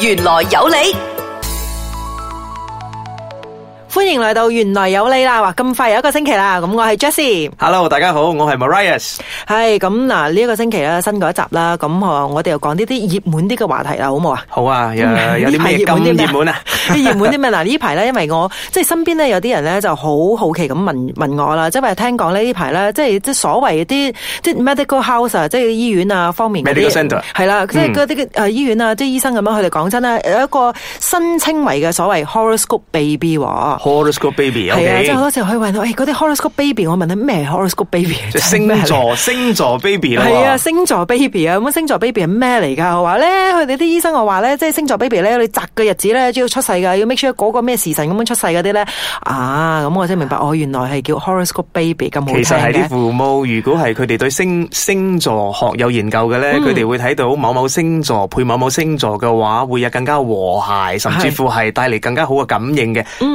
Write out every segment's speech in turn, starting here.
玄來有理。歡迎嚟到原來有你啦！哇，咁快有一個星期啦，咁我係 Jesse i。Hello，大家好，我係 Marius。係咁嗱，呢一、這個星期咧，新嗰一集啦，咁我哋又講呢啲熱門啲嘅話題啦，好冇啊？好啊，有、嗯、有啲咩咁熱門啊？啲熱門啲咩？嗱，呢排咧，因為我即係身邊咧有啲人咧就好好奇咁問問我啦，即係聽講咧呢排咧，即係即係所謂啲即 medical house 即係醫院啊方面 m 係啦，即係嗰啲誒醫院啊，即係醫生咁樣，佢哋講真咧有一個新稱為嘅所謂 horoscope baby。Horoscope baby 啊，係啊，即係好多時候去問，喂、哎，嗰啲 Horoscope baby，我問咧咩 Horoscope baby？即係星座 星座 baby 咯，係啊，星座 baby 啊、嗯，咁星座 baby 係咩嚟噶？我話咧，佢哋啲醫生我話咧，即係星座 baby 咧，你擇嘅日子咧，只要出世噶，要 make 出、sure、嗰個咩時辰咁樣出世嗰啲咧，啊，咁我先明白，我、 哦、原來係叫 Horoscope baby 咁好聽嘅。其實係啲父母如果係佢哋對星星座學有研究嘅咧，佢哋會睇到某某星座配某某星座嘅話，會有更加和諧，甚至乎係帶嚟更加好嘅感應嘅。嗯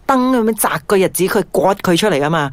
生咁樣砸個日子，佢割佢出嚟㗎嘛！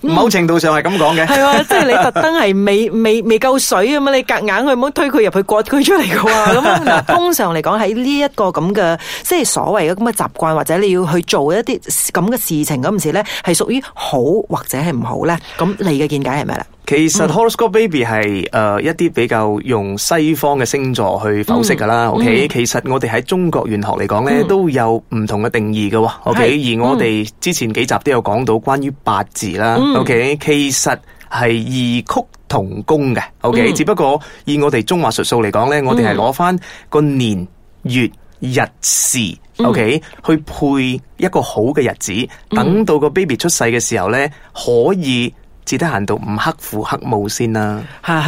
某程度上係咁講嘅，係 啊，即、就、係、是、你特登係未未未夠水咁嘛？你夾硬去唔好推佢入去割佢出嚟嘅話，咁 通常嚟講喺呢一個咁嘅即係所謂嘅咁嘅習慣，或者你要去做一啲咁嘅事情嗰陣時咧，係屬於好或者係唔好咧？咁你嘅見解係咩啦？其實 Horoscope Baby 係誒、呃、一啲比較用西方嘅星座去剖析噶啦、嗯、，OK？其實我哋喺中國玄學嚟講咧，嗯、都有唔同嘅定義噶，OK？是而我哋之前幾集都有講到關於八字啦、嗯、，OK？其實係異曲同工嘅，OK？、嗯、只不過以我哋中華術數嚟講咧，嗯、我哋係攞翻個年月日時，OK？、嗯、去配一個好嘅日子，嗯、等到個 baby 出世嘅時候咧，可以。至得行到唔克負克務先啦。嚇，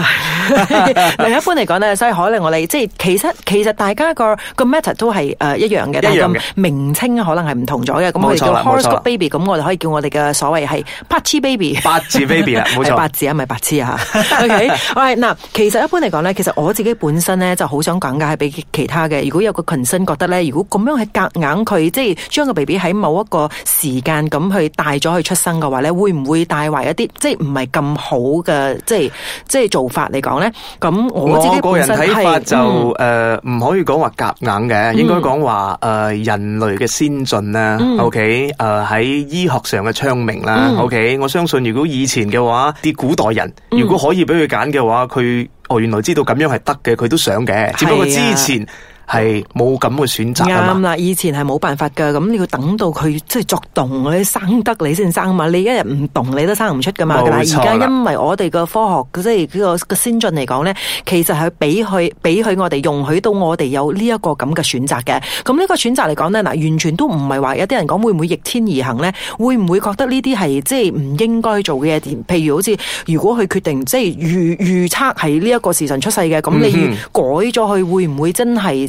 嗱，一般嚟講咧，所以可能，我哋即係其實其實大家個個 matter 都係誒一樣嘅，但係個名稱可能係唔同咗嘅。咁我哋叫 horoscope baby，咁我哋可以叫我哋嘅所謂係白痴 baby。八字 baby 啊，冇錯，八字唔係白痴啊。OK，嗱，其實一般嚟講咧，其實我自己本身咧就好想講嘅係畀其他嘅。如果有個羣身覺得咧，如果咁樣係夾硬佢，即係將個 baby 喺某一個時間咁去帶咗去出生嘅話咧，會唔會帶壞一啲即？唔係咁好嘅，即係即係做法嚟講呢。咁我自己、哦、個人睇法就誒，唔、嗯呃、可以講話夾硬嘅，嗯、應該講話誒人類嘅先進啦。嗯、OK，誒、呃、喺醫學上嘅昌明啦。嗯、OK，我相信如果以前嘅話，啲古代人、嗯、如果可以俾佢揀嘅話，佢哦原來知道咁樣係得嘅，佢都想嘅。的只不過之前。係冇咁嘅選擇啱啦，以前係冇辦法噶，咁你要等到佢即係作動你生得你先生嘛，你一日唔動你都生唔出噶嘛，而家因為我哋個科學即係呢個先進嚟講咧，其實係俾佢俾佢我哋容許到我哋有呢一個咁嘅選擇嘅。咁呢個選擇嚟講咧，嗱，完全都唔係話有啲人講會唔會逆天而行咧？會唔會覺得呢啲係即係唔應該做嘅嘢？譬如好似如果佢決定即係預預測係呢一個時辰出世嘅，咁你、嗯、哼改咗佢，會唔會真係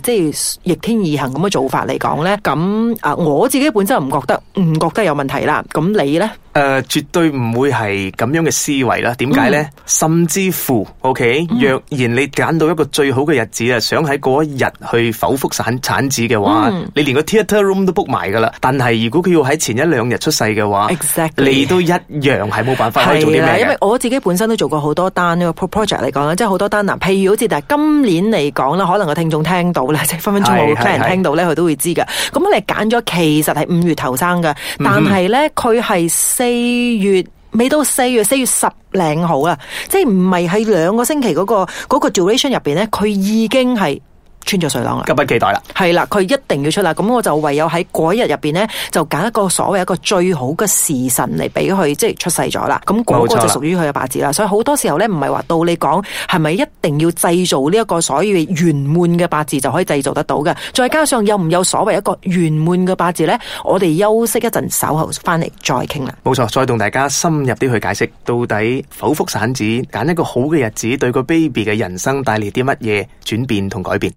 逆天而行咁嘅做法嚟講咧，咁啊我自己本身唔覺得，唔覺得有問題啦。咁你咧？誒，絕對唔會係咁樣嘅思維啦。點解咧？甚至乎，OK，若然你揀到一個最好嘅日子啊，想喺嗰一日去剖腹產產子嘅話，你連個 theater room 都 book 埋噶啦。但係如果佢要喺前一兩日出世嘅話，你都一樣係冇辦法去做啲咩。係啊，因為我自己本身都做過好多單呢個 project 嚟講，即係好多單嗱。譬如好似但係今年嚟講啦，可能個聽眾聽到咧，即係分分鐘冇聽人聽到咧，佢都會知噶。咁你揀咗其實係五月頭生噶，但係咧佢係。四月未到四月，四月十零號啦，即係唔係喺兩個星期嗰個嗰個 duration 入邊咧，佢已經係。穿咗水囊啦，急不及待啦，係啦，佢一定要出啦。咁我就唯有喺嗰日入邊咧，就揀一個所謂一個最好嘅時辰嚟俾佢，即係出世咗啦。咁嗰個就屬於佢嘅八字啦。所以好多時候咧，唔係話到你講係咪一定要製造呢一個所謂嘅圓滿嘅八字就可以製造得到嘅。再加上有唔有所謂一個圓滿嘅八字咧？我哋休息一陣，稍後翻嚟再傾啦。冇錯，再同大家深入啲去解釋到底剖腹產子揀一個好嘅日子，對個 baby 嘅人生帶嚟啲乜嘢轉變同改變。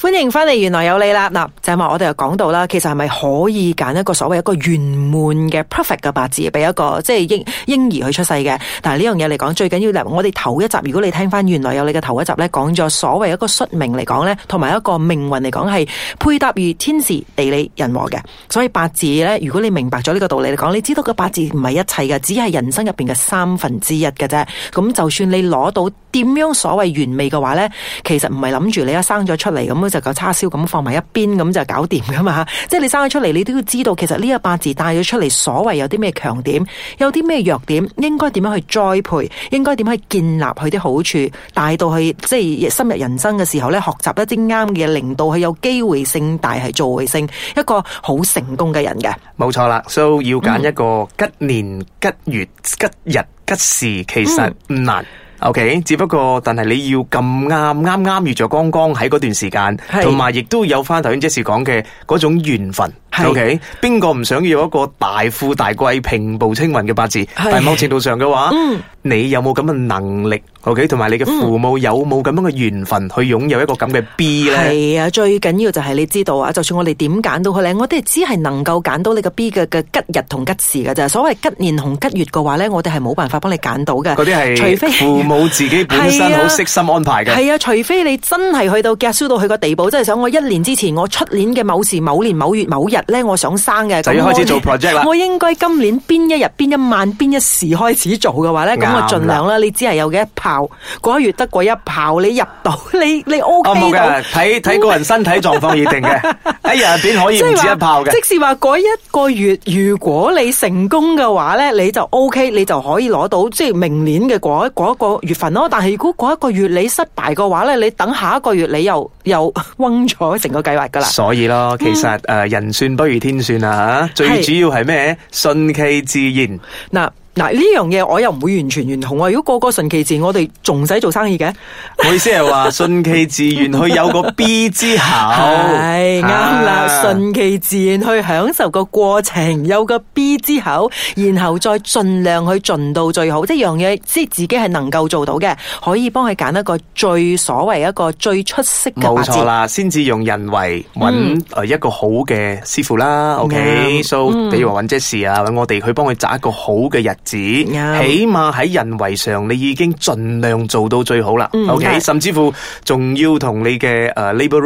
歡迎翻嚟，玄來有理啦！嗱，就係話我哋又講到啦，其實係咪可以揀一個所謂一個圓滿嘅 perfect 嘅八字，俾一個即係嬰嬰兒去出世嘅？但係呢樣嘢嚟講，最緊要嗱，我哋頭一集如果你聽翻玄來有理嘅頭一集咧，講咗所謂一個宿命嚟講咧，同埋一個命運嚟講係配搭如天時地利、人和嘅。所以八字咧，如果你明白咗呢個道理嚟講，你知道個八字唔係一切嘅，只係人生入邊嘅三分之一嘅啫。咁就算你攞到點樣所謂完美嘅話咧，其實唔係諗住你一生咗出嚟咁。就搞叉燒咁放埋一邊，咁就搞掂噶嘛？即係你生佢出嚟，你都要知道其實呢一八字帶咗出嚟，所謂有啲咩強點，有啲咩弱點，應該點樣去栽培，應該點去建立佢啲好處，帶到去即係深入人生嘅時候咧，學習一啲啱嘅，令到佢有機會性大，但係做升一個好成功嘅人嘅。冇錯啦，所以要揀一個吉年、吉月、吉日、吉時，其實唔難。嗯 O、okay, K，只不過，但係你要咁啱啱啱遇到剛剛喺嗰段時間，同埋亦都有返頭先，Jessie 講嘅嗰種緣分。O K，邊個唔想要一個大富大貴平步青雲嘅八字？但係某程度上嘅話，你有冇咁嘅能力？O K，同埋你嘅父母有冇咁樣嘅緣分去擁有一個咁嘅 B 咧？係啊，最緊要就係你知道啊，就算我哋點揀到佢咧，我哋只係能夠揀到你個 B 嘅嘅吉日同吉時噶咋。所謂吉年同吉月嘅話咧，我哋係冇辦法幫你揀到嘅。嗰啲係除非父母自己本身好悉心安排嘅。係啊，除非你真係去到 calc 到去個地步，真係想我一年之前我出年嘅某時某年某月某日。咧，我想生嘅，就要開始做 project 啦。我應該今年邊一日邊一晚，邊一時開始做嘅話咧，咁我盡量啦。你只係有嘅、嗰個、一炮，一月得嗰一炮，你入到你你 O、OK、K 到。冇嘅、哦，睇睇、嗯、個人身體狀況而定嘅。一日入邊可以唔止一炮嘅。即使話嗰一個月，如果你成功嘅話咧，你就 O、OK, K，你就可以攞到，即係明年嘅嗰、嗰個、一個月份咯。但係如果嗰一個月你失敗嘅話咧，你等下一個月你又又崩咗成個計劃噶啦。所以咯，其實誒、呃，人算。不如天算啊！最主要係咩？順是其自然嗱。嗱，呢樣嘢我又唔會完全認同啊！如果個個順其自然，我哋仲使做生意嘅？我 意思係話順其自然去有個 B 之後，係啱啦。啊、順其自然去享受個過程，有個 B 之後，然後再盡量去盡到最好，即係樣嘢，即係自己係能夠做到嘅，可以幫佢揀一個最所謂一個最出色嘅八字，冇錯啦，先至用人為揾一個好嘅師傅啦。嗯、OK，所以譬如話揾 Jazz 啊，揾我哋去幫佢擇一個好嘅日。子，嗯、起碼喺人為上你已經盡量做到最好啦。嗯、OK，甚至乎仲要同你嘅誒 l a b o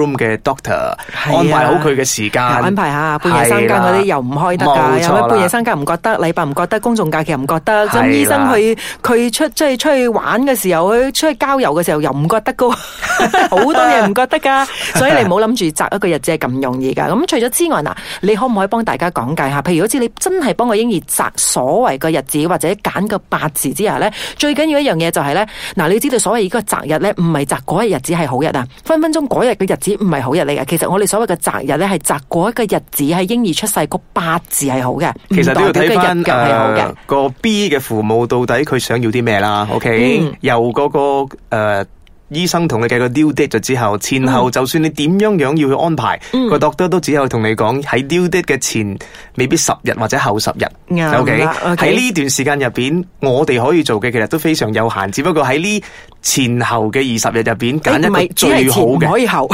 或者揀個八字之下咧，最緊要一樣嘢就係咧，嗱，你知道所謂呢個擇日咧，唔係擇嗰一日日子係好日啊，分分鐘嗰日嘅日子唔係好日嚟嘅，其實我哋所謂嘅擇日咧，係擇嗰一個日子，係嬰兒出世個八字係好嘅，其唔同點嘅日子係好嘅。呃那個 B 嘅父母到底佢想要啲咩啦？OK，嗯，由嗰，那個誒。呃醫生同你計個 due date 咗之後，前後就算你點樣樣要去安排，mm. 個 doctor 都只有同你講喺 due date 嘅前，未必十日或者後十日。OK，喺呢段時間入邊，我哋可以做嘅其實都非常有限，只不過喺呢。前後嘅二十日入邊揀一咪最好嘅，哎、唔可以後。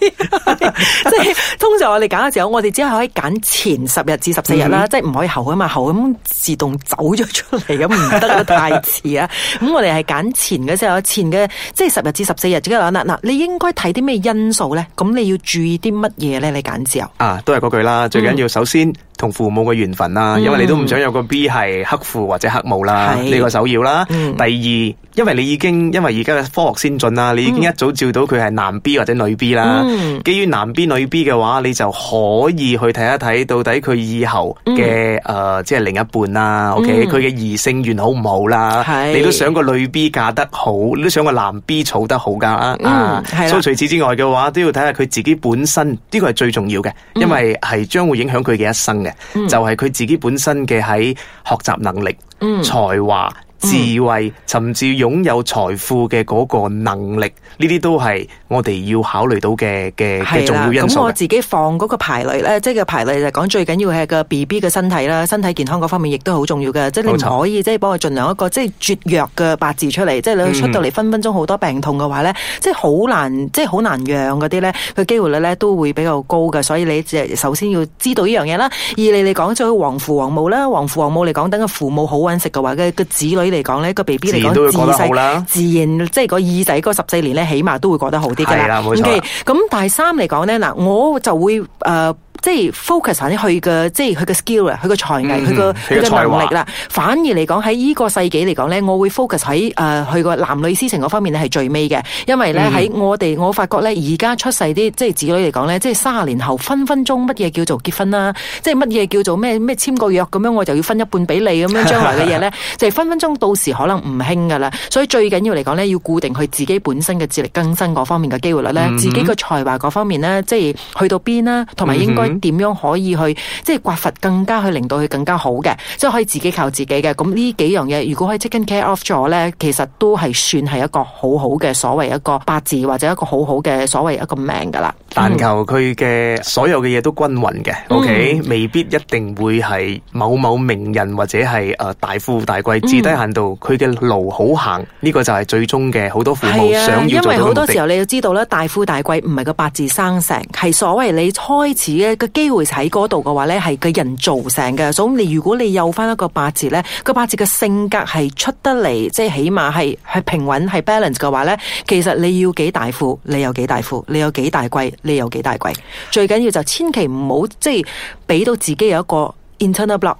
即 係通常我哋揀嘅時候，我哋只係可以揀前十日至十四日啦，嗯、即係唔可以後啊嘛，後咁自動走咗出嚟，咁唔得啊，太遲啊。咁 我哋係揀前嘅時候，前嘅即係十日至十四日。咁嗱嗱，你應該睇啲咩因素咧？咁你要注意啲乜嘢咧？你揀自由，啊，都係嗰句啦，最緊要首先、嗯、同父母嘅緣分啦，因為你都唔想有個 B 係克父或者克母啦，呢是個首要啦。嗯、第二。因為你已經，因為而家嘅科學先進啦，你已經一早照到佢係男 B 或者女 B 啦。嗯、基於男 B 女 B 嘅話，你就可以去睇一睇到底佢以後嘅誒，即係、嗯呃就是、另一半啦。O K，佢嘅異性緣好唔好啦？是你都想個女 B 嫁得好，你都想個男 B 娶得好噶、嗯、啊，的所以除此之外嘅話，都要睇下佢自己本身呢個係最重要嘅，因為係將會影響佢嘅一生嘅，嗯、就係佢自己本身嘅喺學習能力、嗯、才華。智慧甚至擁有財富嘅嗰個能力，呢啲都係我哋要考慮到嘅嘅嘅重要因素。咁我自己放嗰個排列咧，即係個排列就係講，最緊要係個 B B 嘅身體啦，身體健康嗰方面亦都好重要嘅。即係你唔可以錯即係幫佢盡量一個即係絕弱嘅八字出嚟。即係你出到嚟分分鐘好多病痛嘅話咧、嗯，即係好難即係好難養嗰啲咧，佢機會率咧都會比較高嘅。所以你首先要知道呢樣嘢啦。二嚟嚟講，再皇父皇母啦，皇父皇母嚟講，等個父母好揾食嘅話，嘅個子女。嚟講咧，個 B B 嚟講，自細自然，自然即係個耳仔嗰十四年咧，起碼都會過得好啲嘅啦。O K，咁第三嚟講咧，嗱，我就會誒。呃即係 focus 啲佢嘅，即係佢嘅 skill 啊，佢嘅才藝，佢嘅能力啦。華反而嚟講喺呢個世紀嚟講咧，我會 focus 喺誒佢、呃、個男女私情嗰方面咧係最尾嘅，因為咧喺、嗯、我哋我發覺咧而家出世啲即係子女嚟講咧，即係卅年後分分鐘乜嘢叫做結婚啦，即係乜嘢叫做咩咩簽個約咁樣，我就要分一半俾你咁樣將來嘅嘢咧， 就分分鐘到時可能唔興噶啦。所以最緊要嚟講咧，要固定佢自己本身嘅智力更新嗰方面嘅機會率咧，嗯、哼自己嘅才華嗰方面咧，即係去到邊啦，同埋應該、嗯。點樣可以去即係刮佛，更加去令到佢更加好嘅，即係可以自己靠自己嘅。咁呢幾樣嘢，如果可以 taken care of 咗咧，其實都係算係一個好好嘅所謂一個八字，或者一個好好嘅所謂一個命噶啦。但求佢嘅所有嘅嘢都均勻嘅、嗯、，OK，未必一定會係某某名人或者係誒大富大貴。至低限度，佢嘅、嗯、路好行，呢、這個就係最終嘅好多父母、啊、想要做到嘅。因為好多時候你要知道咧，大富大貴唔係個八字生成，係所謂你開始咧。嘅機會喺嗰度嘅話呢，係個人造成嘅。咁你如果你有翻一個八字呢，個八字嘅性格係出得嚟，即係起碼係係平穩係 balance 嘅話呢，其實你要幾大富，你有幾大富；你有幾大貴，你有幾大貴。最緊要就千祈唔好即係俾到自己有一個 internal block。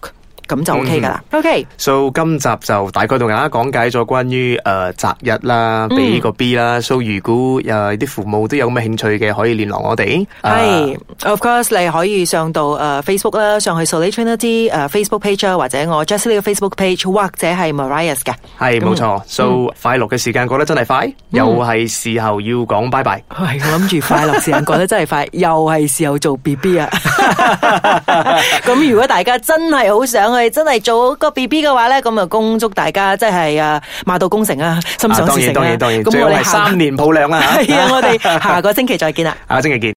咁就 OK 噶啦，OK。So 今集就大概同大家講解咗關於誒擇日啦，俾個 B 啦。So 如果誒啲父母都有咩興趣嘅，可以聯絡我哋。係，Of course，你可以上到誒 Facebook 啦，上去 Solidarity 誒 Facebook page 啊，或者我 Justile 嘅 Facebook page，或者係 Mariah 嘅。係，冇錯。So 快樂嘅時間過得真係快，又係時候要講 bye bye。係，我諗住快樂時間過得真係快，又係時候做 BB 啊。咁如果大家真係好想，係真係做個 BB 嘅話咧，咁啊恭祝大家即係啊馬到功成啊，心想事成啊！咁我哋三年抱兩啊，係啊！ 我哋下個星期再見啦，下個星期見。